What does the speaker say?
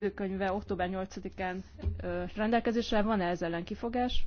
jegyzőkönyve október 8-án rendelkezésre van-e ezzel ellen kifogás?